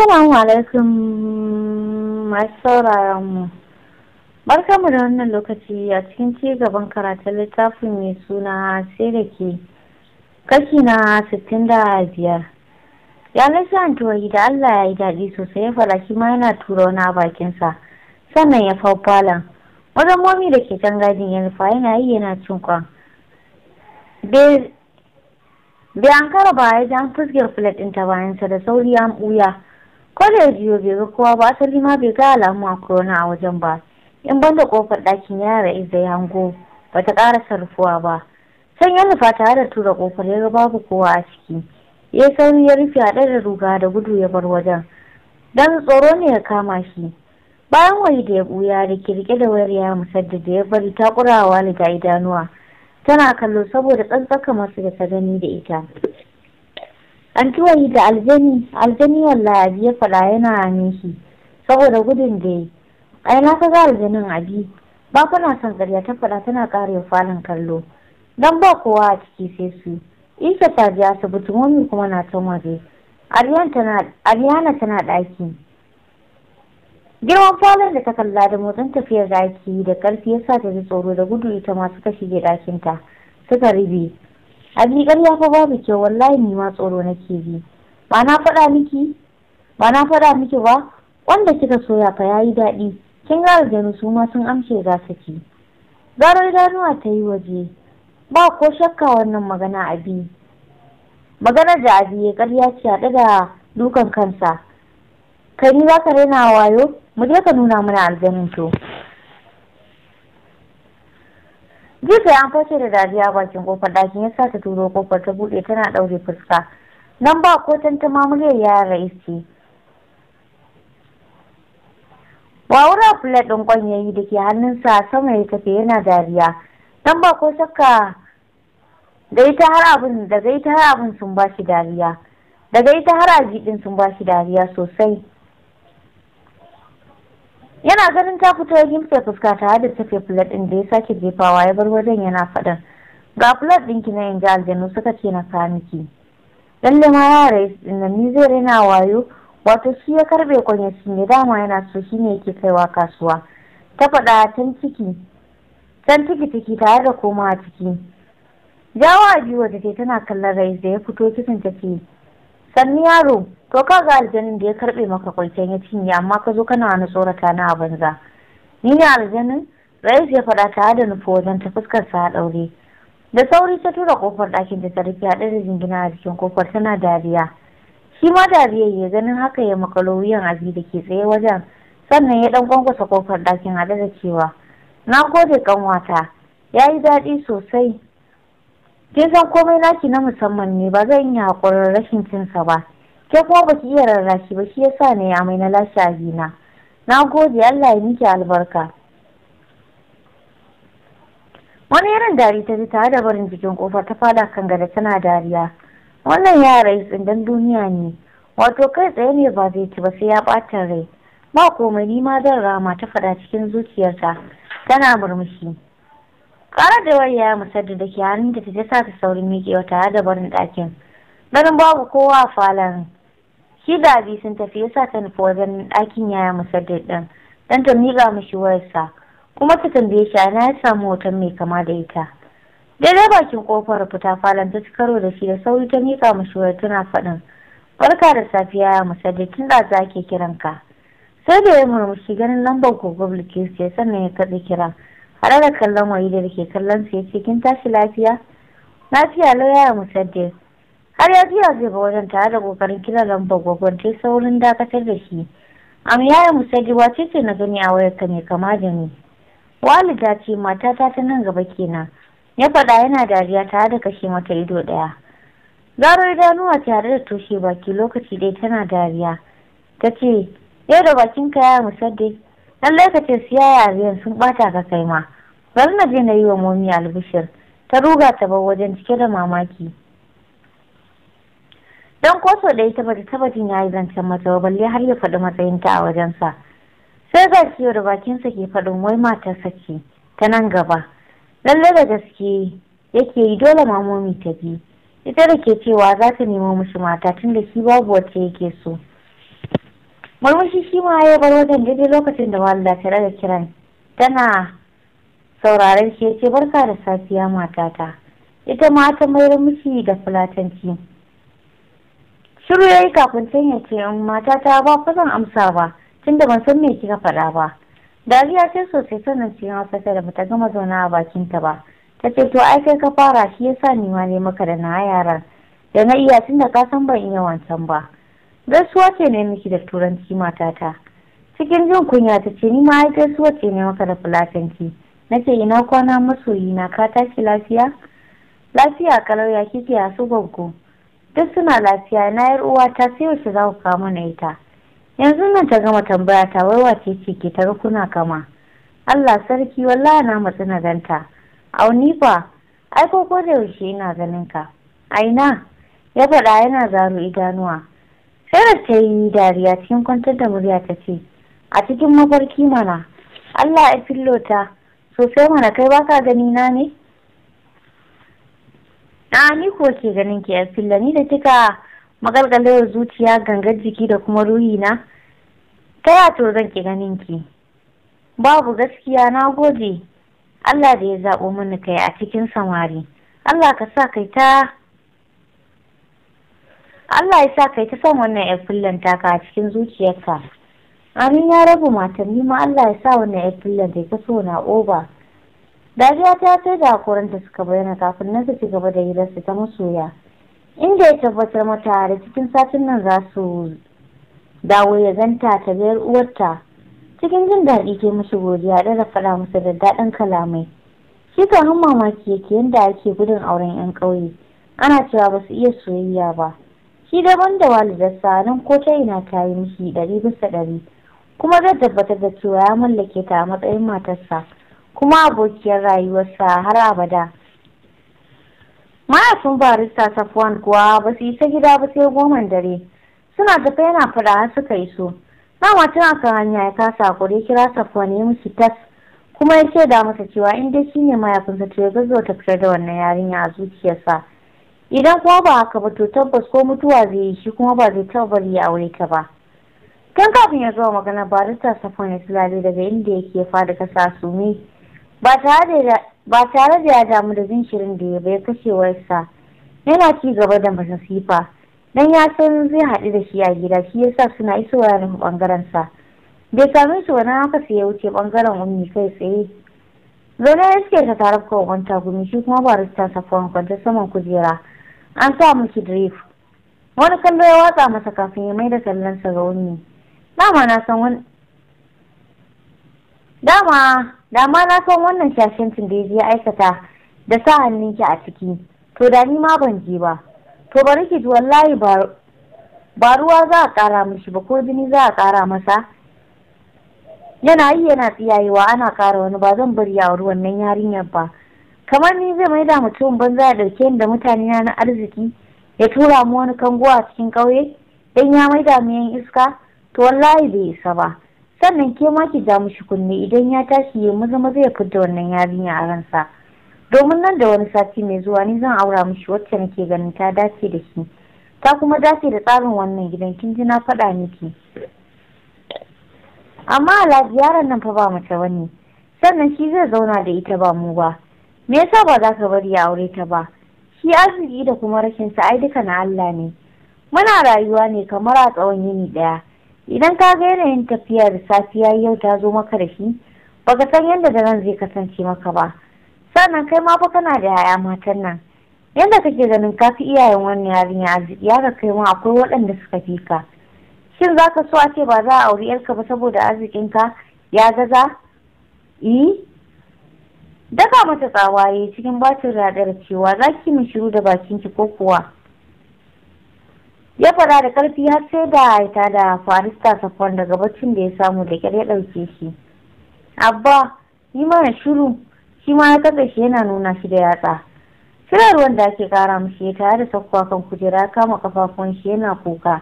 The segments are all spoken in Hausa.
Assalamu alaikum masu sauraron mu. mu da wannan lokaci a cikin ci gaban karatun littafin mai suna sai da ke kashi na sittin da biyar. Ya an tuwayi da Allah ya yi daɗi sosai ya fara shi ma yana tura wani a bakinsa sannan ya fau falon. Wajen momi da ke can gadin ya nufa yana yi yana cin kwan. Bai an kara ba ya jan fuskiyar filet ɗinta bayansa da sauri ya ɓuya. ko da ya bai ga kowa ba asali ma bai ga alamu a corona a wajen ba in ban da kofar ɗakin yara ra'iza ya hango ba ta ƙara sarfuwa ba can ya nufa tare da tura kofar ya ga babu kowa a ciki ya sauri ya rufe haɗe da ruga da gudu ya bar wajen dan tsoro ne ya kama shi bayan wani da ya buya da riƙe da wayar ya musadda da ya bari ta kurawa da idanuwa tana kallo saboda tsantsaka masu da ta gani da ita an tuwayi da aljani aljani wallahi abi ya fada yana hane shi saboda gudun da yi ai na ka ga aljanin abi ba kuna son karya ta fada tana kare falon kallo dan ba kowa a ciki sai su isa ta je asibiti momi kuma na can waje aliyana tana daki. Girman falon da ta kalla da motsin tafiyar daki da ƙarfi ya sa ta ji tsoro da gudu ita ma suka shige dakinta suka ribe abi ƙarya fa babu kyau wallahi ni ma tsoro nake bi ba na faɗa miki ba na faɗa miki ba wanda kika soya fa yayi daɗi kin ga aljanu su ma sun amshe za su ki garar ganuwa ta yi waje ba ko shakka wannan magana abi maganar da abi ya ƙarya ce a da dukan kansa kai ni za ka raina wayo mu je ka nuna mana aljanin to Gefe an fashe da dariya bakin kofar ɗakin ya sa ta turo kofar ta buɗe tana ɗaure fuska. Nan ba ko tantama muryar ya rais ce. Wawura fulat ɗin kwan da ke hannunsa sama ya tafi yana dariya. Nan ba ko saka da ita har abin daga ita har abin sun ba shi dariya. Daga ita har aji sun ba shi dariya sosai. yana ganin ta fito ya fuska tare da tafe fulat ɗin da ya sake jefawa ya bar wajen yana faɗin ga fulat ɗinki na yanzu aljanu suka ce na kamiki lalle ma rais ɗin ni zai raina wayo wato shi ya karbe kwanya shi dama yana so shi ne yake kaiwa kasuwa ta faɗa can ciki can ciki ciki tare da koma a ciki jawa a biyu wata tana kallon rais da ya fito kisan ta ce sannu yaro to ka ga aljanin da ya karɓe maka kwalcen ya cinye amma ka zo kana wani tsorata na a banza ni ne aljanin Rais ya faɗa tare da nufi wajen ta fuskar sa a ɗaure. Da sauri ta tura kofar ɗakin da ta rufe haɗe da jingina a jikin kofar tana dariya. Shi ma dariya ya ganin haka ya makalo wuyan abi da ke tsaye wajen sannan ya ɗan kwankwasa kofar ɗakin haɗe da cewa na gode kanwata ya yi daɗi sosai kin san komai naki na musamman ne ba zan yi haƙurin rashin cinsa ba ke kuma baki iya rarrashi ba shi yasa ne mai na lashe abina na gode Allah ya miki albarka wani irin dari ta ji tare da barin jikin kofar ta fada kan gada tana dariya wannan yara tsindan duniya ne wato kai tsaye ne ba zai ci ba sai ya ɓata rai ba komai ni ma zan rama ta faɗa cikin zuciyarta tana murmushi kara da waya ya musadda da ke hannun ta ta sa ta saurin miƙewa tare da barin ɗakin. Ganin babu kowa a falon. da abi sun tafi ya sa ta nufi wajen ɗakin yaya musadda ɗin don ta miƙa mashi wayarsa kuma ta tambaye shi ana ya samu hoton mai kama da ita. Daidai bakin kofar fita falon ta ci karo da shi da sauri ta miƙa mashi wayar tana faɗin. Barka da safiya ya musadda tun da za ke kiranka. Sai da ya murmushi ganin lambar ko Bilkisu ya sannan ya kaɗa kiran. haɗe da kallon wahida da ke kallon su ya ce kin tashi lafiya lafiya lauya ya musadde har ya jiya zai ga wajen tare da kokarin kira lambar gwagwan ta saurin dakatar da shi ya ya musadde wace ce na gani a wayar ka mai kama da ni walida ce matata ta nan gaba kenan ya faɗa yana dariya tare da kashe mata ido ɗaya garo idanuwa tare da toshe baki lokaci ɗaya tana dariya ta ce yau da bakinka yaya musadde lallai lokacin siyaya biyan sun bata ga kai ma bari na je na yi wa momi albishir ta ruga ta bar wajen cike da mamaki Dan koso da ita bata tabbatin ya yi zancen mata balle har ya faɗi matsayinta a wajensa sai ga ciwo da bakinsa ke faɗin wai sa ke ta nan gaba lallai da gaske yake yi dole mamomi ta bi ita da ke cewa za ta nemo mishi mata tun da shi babu wacce yake so murmushi shi ma ya bar wajen daidai lokacin da walida ta daga kiran tana sauraron shi ya ce barka da safiya matata ita ma ta mai rumushi da fulatanci shiru ya yi kafin can ya ce mm, matata ba fa zan amsa ba tunda ban san me kika faɗa ba dariya ce sosai sannan ce ya fasa da bata gama zauna a bakin ta ba ta ce to ai kai ka fara shi yasa ni ma ne maka da na yaran da na iya tunda ka san ban iya wancan ba gaisuwa ce ne miki da turanci matata cikin jin kunya ta ce ni ma ai gaisuwa ce ne maka da fulatanci na ce ina kwana masoyi na ka tashi lafiya lafiya kalau ya kike a su duk suna lafiya na yar uwa ta sai yaushe za ku kawo mana ita yanzu nan ta gama tambaya ta wai wace ce ke ta rukuna kama Allah sarki wallahi na matsi na ganta auni ba ai ko da yaushe ina ganin ka aina ya faɗa yana zaro idanuwa sai ta yi dariya cikin kwantar da murya ta ce, A cikin mafarki mana, Allah ya ta, sosai mana kai baka gani na ne? Na ni ko ke ganin ke filla ni da kika magalgalewar zuciya gangar jiki da kuma ruhi na? Ta ya to zan ki ganin ki? Babu gaskiya na gode. Allah da ya zaɓo mana kai a cikin samari. Allah ka sa kai ta Allah ya sa kai ta son wannan yar fillan taka a cikin zuciyarka amin ya rabu matar ni ma Allah ya sa wannan yar fillan ta so na oba dariya ta sai da hakoranta suka bayyana kafin nan su ci gaba da hirarsu ta masoya inda ya tabbatar mata da cikin satin nan za su dawo ya ganta ta biyar uwarta cikin jin daɗi ke musu godiya da da faɗa musu da daɗin kalamai shi kan mamaki yake yadda ake gudun auren 'yan ƙauye ana cewa ba su iya soyayya ba shi daban da walidarsa nan ko ta ina ta yi mishi ɗari bisa ɗari kuma zai tabbatar da cewa ya mallake ta a matsayin matarsa kuma abokiyar rayuwarsa har abada mahaifin barista safwan kuwa ba su isa gida ba sai goman dare suna tafe yana fada har suka iso dama tana kan hanya ya kasa hakuri kira safwan ya musu tas kuma ya ce shaida masa cewa in dai shine mahaifinsa to ya gazo ta fitar da wannan yarinya a zuciyarsa idan kuma ba haka ba to tabbas ko mutuwa zai yi shi kuma ba zai taɓa bari ya aure ta ba tun kafin ya zo magana ba rita safon ya tulale daga inda yake fada kasa sumi ba tare da ya damu da jin shirin da ya bai kashewarsa yana ci gaba da masasifa dan ya san zai haɗu da shi a gida shi ya sa suna isowa ya nufi ɓangaren sa bai same shi wani haka sai ya wuce ɓangaren ummi kai tsaye zaune ya suke ta wa kowanne gumi shi kuma barista safon kwanta saman kujera an sa musu drif wani kallo ya watsa masa kafin ya maida kallonsa ga wani dama na san dama na san wannan shashancin da ya je aikata da sa hannunki a ciki to da ni ma ban je ba to bari ki ji wallahi ba ruwa za a kara mishi ba ko jini za a kara masa yana yi yana tsiyayewa ana kara wani ba zan bari a ruwan nan yarinyar ba kamar ni zai maida mutum banza da dauke da mutane na na arziki ya tura mu wani kango a cikin ƙauye dan ya maida mu yan iska to wallahi bai isa ba sannan ke ma ki ja mushi kunne idan ya tashi ya maza maza ya fidda wannan yarinya a ransa domin nan da wani sati mai zuwa ni zan aura mushi wacce nake ganin ta dace da shi ta kuma dace da tsarin wannan gidan kin ji na faɗa miki amma alhaji yaron nan fa ba mace bane sannan shi zai zauna da ita ba mu ba me yasa ba za ka bari ya aure ta ba shi arziki da kuma rashin sa ai duka na Allah ne muna rayuwa ne kamar a tsawon yini daya idan ka ga yanayin tafiya tafiyar safiya yau ta zo maka da shi baka san yadda da zai kasance maka ba sannan kai ma fa kana da yaya matan nan yadda kake ganin ka fi iyayen wannan yarinya arziki ga kai ma akwai waɗanda suka fi ka shin za ka so a ce ba za a auri yarka ba saboda arzikinka ya gaza? eh Daka mata tsawaye cikin bacin radar cewa za ki mu shiru da bakin ki ko kuwa. Ya fara da karfi har sai da ta da farista safon daga baccin da ya samu da kyar ya ɗauke shi. Abba, yi mana shiru, shi ma ya kasa shi yana nuna shi da yatsa. Shirarwar da ake kara mishi ya tare da sakwa kan kujera kama kafafun shi yana kuka.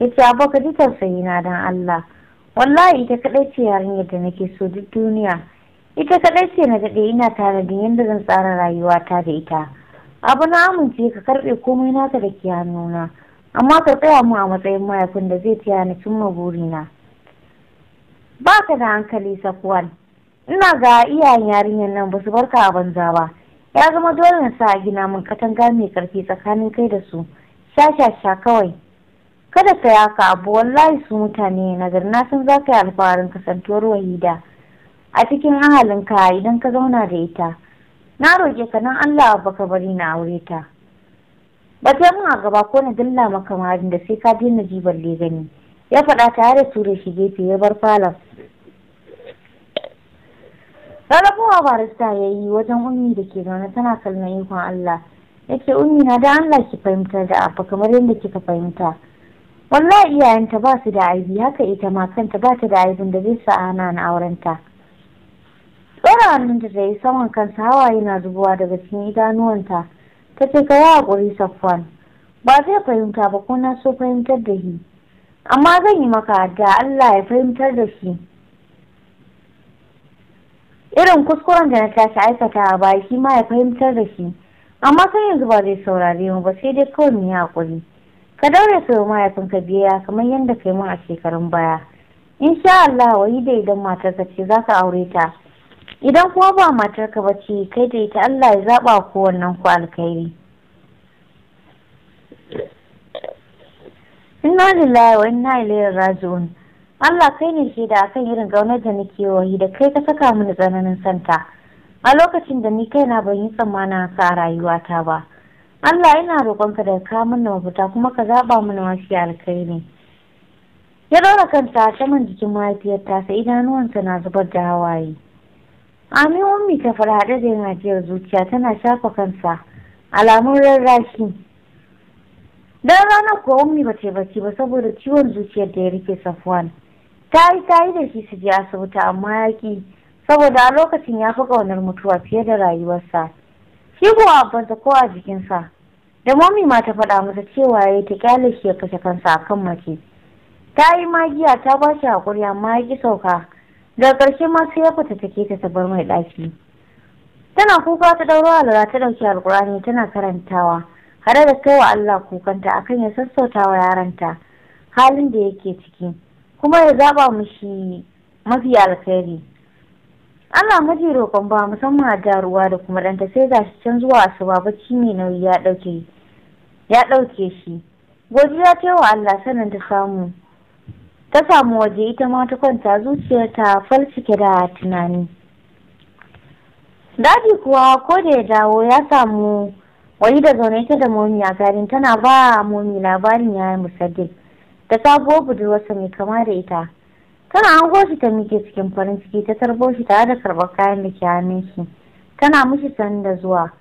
Ya ce, Abba ka ji tausayi na dan Allah. Wallahi ita kaɗai ce yarinyar da nake so duk duniya. ita kaɗai ce na daɗe ina tare da yadda zan tsara rayuwata da ita abu na amince ka karɓe komai naka da ke hannuna amma ka tsaya mu a matsayin mayafin da zai taya ni cimma burina ba ka da hankali sakuwan ina ga iyayen yarinyar nan ba su barka a banza ba ya zama dole na sa a gina min katanga mai karfi tsakanin kai da su sha kawai kada ka yaka abu wallahi su mutane na na san za ka yi alfaharin kasantuwar wahida a cikin ka idan ka zauna da ita na roƙe ka nan Allah baka bari na aure ta ba ta mun a gaba ko na dilla maka marin da sai ka daina ji balle gani ya faɗa tare da tura shi gefe ya bar falon rarrabuwa barista ya yi wajen ummi da ke zaune tana kallon ikon Allah yake ummi na da Allah ki fahimta, da abu kamar yadda kika fahimta wallahi iyayenta ba su da aibi haka ita ma kanta ba ta da aibin da zai sa ana na aurenta. Tsoronin da ta yi saman kansa hawaye na zubowa daga cikin idanuwanta ta ce ka yi haƙuri safwan ba zai fahimta ba ko na so fahimtar da shi amma zan yi maka da Allah ya fahimtar da shi irin kuskuren da na tashi aikata a baya shi ma ya fahimtar da shi amma sai yanzu ba zai saurare mu ba sai dai kawai mu yi haƙuri ka daure ka mahaifinka biyayya kamar yadda ka yi mu a shekarun baya insha Allah wai da idan ka ce za ka aure ta idan kuma ba matarka ba ce kai da ita Allah ya zaba ku wannan ku alkhairi inna lillahi wa inna ilaihi raji'un Allah kai ne da akan irin gaunar da nake wahi da kai ka saka mini tsananin santa a lokacin da ni kaina ban yi tsammanin a rayuwata ba Allah ina roƙonka da ka mini mafita kuma ka zaɓa mini wasu alkhairi ya ɗora kanta saman jikin mahaifiyarta sai idanuwanta na zubar da hawaye amin ummi ta farhaɗa da yana jiyar zuciya tana shafa kansa alamun rarrashi Don ranar kuwa ummi bace bacci ba saboda ciwon zuciyar da ya rike safuwan. ta yi ta yi da shi su je asibiti amma ya ki saboda a lokacin ya fi ƙaunar mutuwa fiye da rayuwarsa shi kuwa ko a jikinsa da mami ma ta faɗa masa cewa ya yi ta ƙyale shi ya kashe kansa akan mace ta yi magiya ta ba shi haƙuri amma ya ki sauka daga ƙarshe masu sai ya fita take ta sabar mai ɗaki tana kuka ta ɗauro lura ta ɗauki alƙur'ani tana karantawa hare da kai wa Allah kukanta akan ya sassauta wa yaranta halin da yake ciki kuma ya zaba mishi mafi alkhairi Allah maji roƙon ba musamman a ruwa da kuma ɗanta sai shi can zuwa asuba bacci mai nauyi ya ɗauke ya ɗauke shi godiya ta wa Allah sanin ta samu ta samu waje ita ma ta kwanta zuciyarta falcike da tunani Dadi kuwa ko da ya dawo ya samu wani da zaune ta da momi a garin tana ba momi labarin yi musaddin da sabuwar budurwarsa mai kama da ita tana an shi ta mike cikin farin ciki ta tarbo shi tare da karɓar kayan da ke hannun shi tana mishi sanin da zuwa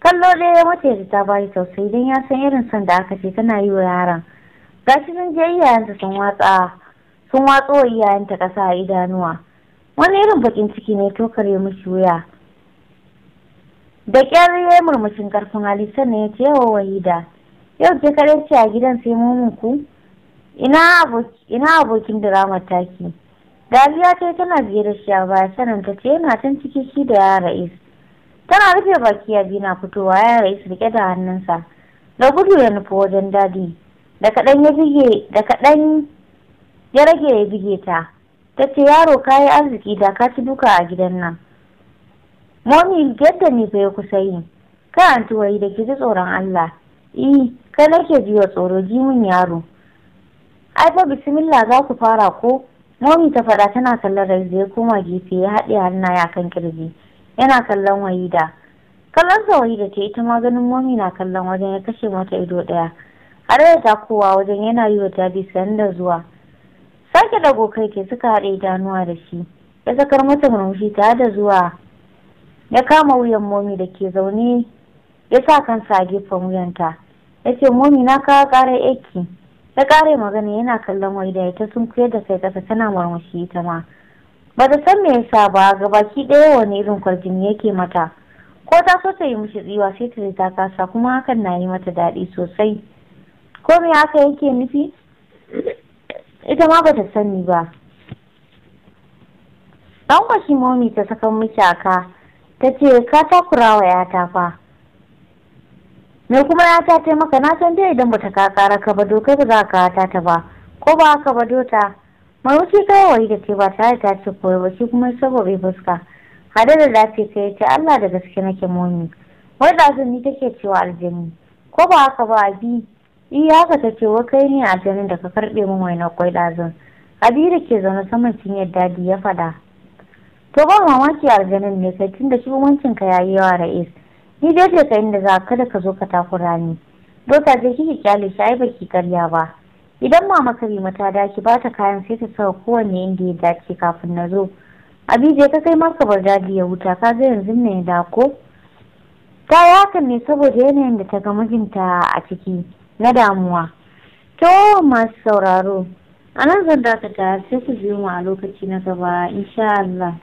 kallo ɗaya ya mata yadda ta bayi tausayi don ya san irin son da aka ce tana yi wa yaron gashi sun je iyayensa sun watsa sun watso wa iyayenta ƙasa a idanuwa wani irin bakin ciki ne to kare mishi wuya da ƙyar ya yi murmushin ƙarfin hali sannan ya ce yawa wahida yau ke kaɗai ce a gidan sai mumunku. ina abokin diramar taki daliya ta tana biye da shi a baya sanin ta ce yana can ciki shi da ya ra'is tana rufe baki a biyu na fitowa ya ra'is rike da hannunsa da gudu ya nufi wajen dadi da kaɗan ya bige da kaɗan ya rage ya bige ta ta ce yaro ka yi arziki da ka ci duka a gidan nan momi yadda ni fa ya kusa yi ka an tuwayi da ki ji tsoron allah eh ka nake jiwa tsoro ji mun yaro ai fa bismillah za ku fara ko momi ta faɗa tana kallon raizu ya koma gefe ya haɗe ya kan kirji yana kallon wahida kallon sa wahida ce ita ma ganin momi na kallon wajen ya kashe mata ido ɗaya har da takowa wajen yana yi wa jabi sanda da zuwa sake da kai ke suka haɗe idanuwa da shi ya sakar mata murmushi tare da zuwa ya kama wuyan momi da ke zaune ya sa kansa a gefen wuyanta ya ce momi na kawo ƙarar aiki ya kare magana yana kallon waida ita sun kuyar da kai ƙasa tana murmushi ita ma ba ta san me yasa ba ga baki ɗaya wani irin kwarjini yake mata ko ta so ta yi mishi tsiwa sai ta ta kasa kuma hakan na yi mata daɗi sosai ko me haka yake nufi ita ma bata sani ba Ɗan kwashi momi ta saka miki aka ta ce ka takura wa yata fa me kuma ya ta taimaka? na san dai idan bata kakara ka ba doka, ba za ka ta ba ko ba bado ba dota mawuci kawai da ce ba tare ta ce koyo ba shi kuma saboda fuska Hada da dace ka yi Allah da gaske nake momi wai da ni take cewa aljani ko ba haka ba bi iya ka tafi wa kai ne a janin da ka karɓe min na kwai ɗazun kabiru ke zaune saman cinyar dadi ya fada to ba mamaki aljanin ne kai tunda wancin ka yayi yawa ra'is ni dai ce ka inda za kada ka zo ka takura ni dota ce kike kyale shi ai baki karya ba idan mama karima ta dace ba ta kayan sai ta saka kowanne inda ya dace kafin na zo abije ka kai maka bar dadi ya wuta. ka ga yanzu ne da ko ta yi hakan ne saboda yanayin da ta ga mijinta a ciki na damuwa to masu sauraro a nan zan dakata sai ku biyo mu a lokaci na gaba insha Allah